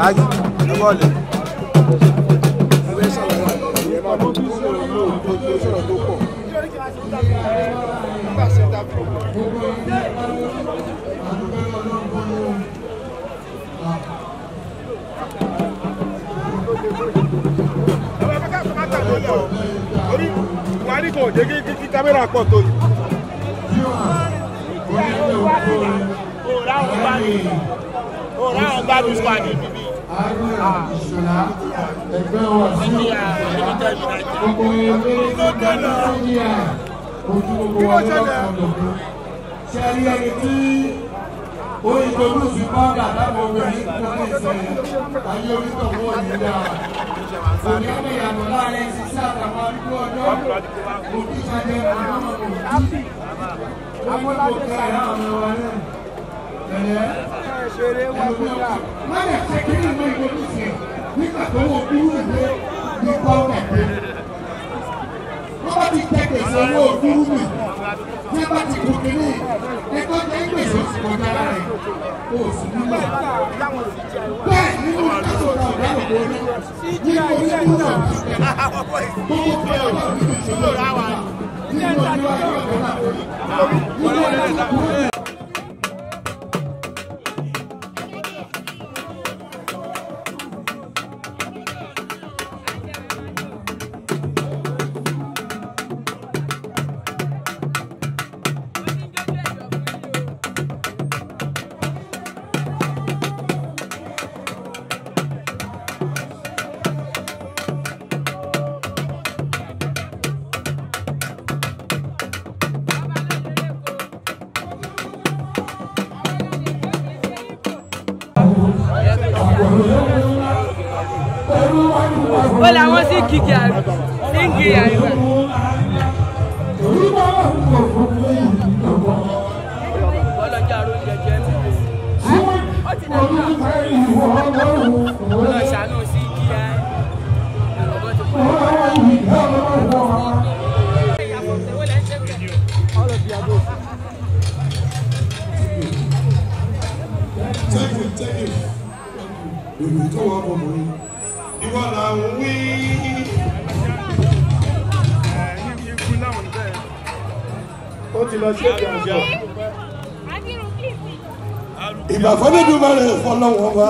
Báàgì ẹ bọ́ọ̀lù. Ẹgbẹ́ sọ̀rọ̀ wà ìyẹn máa bọ̀ tó sọ̀rọ̀ ló tó tó sọ̀rọ̀ tó pọ̀. Nígbà sẹ́ńtà pọ̀. Ọ̀rọ̀ ẹ̀ka kò má tàbí ọ̀lẹ̀ ọ̀. Orí Buhari kò jẹ́ kí kámẹ́rà pọ̀ tó yìí. Yóò wá ní ìlú òkú rẹ̀ òòrà àwọn bá mi òòrà àwọn bá mi squad níbí. Haruna ah. Ìṣọ̀lá ẹgbẹ́ wa sí gbogbo ẹgbẹ́ tó ní à ojú gbogbo wa ló lọ́kàn lọ́kàn. Ṣé ẹ rí ẹni tí ó ìgbòho sí pọ́ńdà lábọ̀ obìnrin tó ní ìṣẹ̀lẹ̀ ayé onítọ̀ wọ́n yìí dá. Òní ọmọ ìyàtọ̀ láàrin ṣíṣe àtàwọn arúgbó ọjọ́ òbí ṣàjẹ́ àwọn ọmọ òbí. Wọ́n ní kò kẹ́ ẹ̀rọ àwọn ọmọ wa náà ṣeré wá kúrò. Láyà ṣe kí ni ìwé ìwé tó ṣe nígbà tó wọ kúrú ìwé ní pọ́ńpà pé. Wọ́n bá ti tẹ gbèsè owó kúrú mi. Bí a bá ti kú kínní, ẹgbẹ́ tẹ gbèsè oṣù kọjá rẹ̀, o sì nílò. Bẹ́ẹ̀ nínú ìdájọ́ ta ọ̀dà òde ní nínú oníkú náà ti tẹ̀. Gbogbo pé ọ̀dà òde ìṣòro ìṣòro àwọn nínú oníwájú ọ̀dà òde. Nínú oníwájú ọ̀dà òde. ó làwọn sì kìkì àgbà sí ń kiri àgbà. ọlọ́jà ro jẹjẹ ń bò ó ti dàgbà ọlọ́ ṣàánú sí kí ẹ ọgbọ́n ti pọ̀ Thank you, thank you. Come you. Thank you ìwọ là ń wí. ó ti lọ sí èdè rẹ̀ fọ́lọ́wọ́ wá.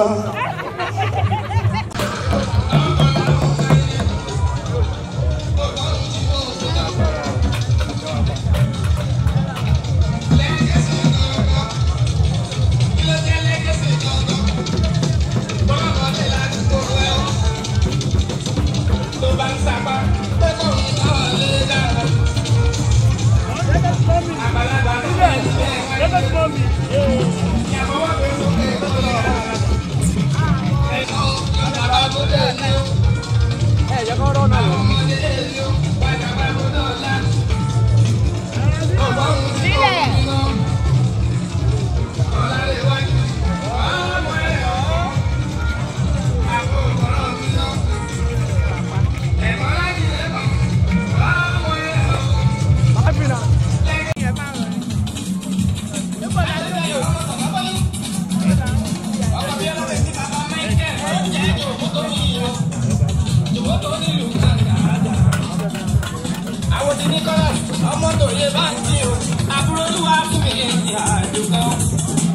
mo ti ní kọ́lá ọmọ tó yẹ bá ń tì o àbúrò olúwa fún mi èyí àdúgbò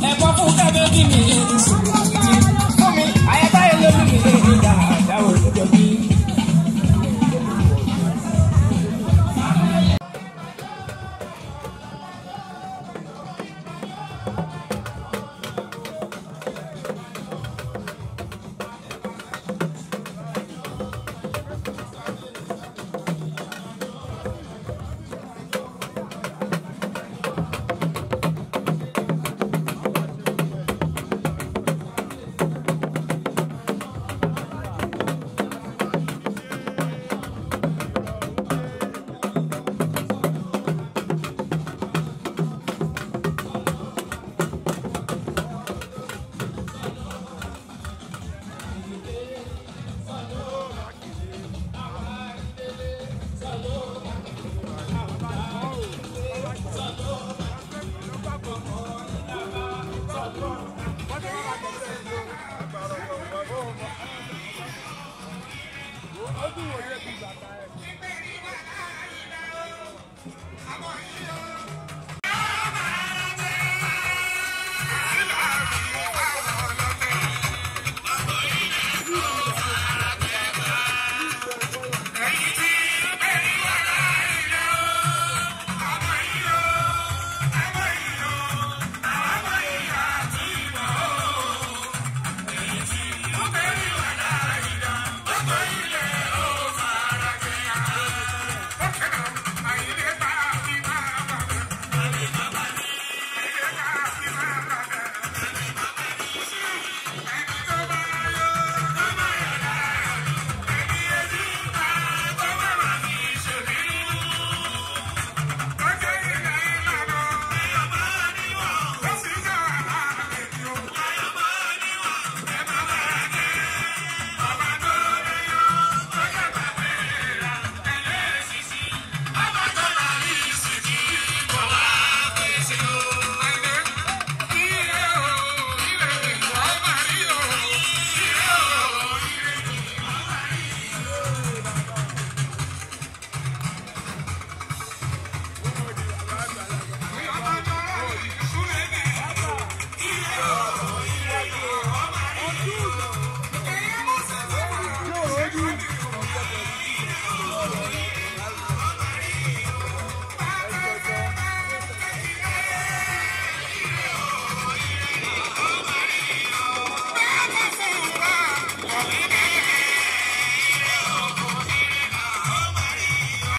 ẹ̀kọ́ fún kẹ́kẹ́ bí mi.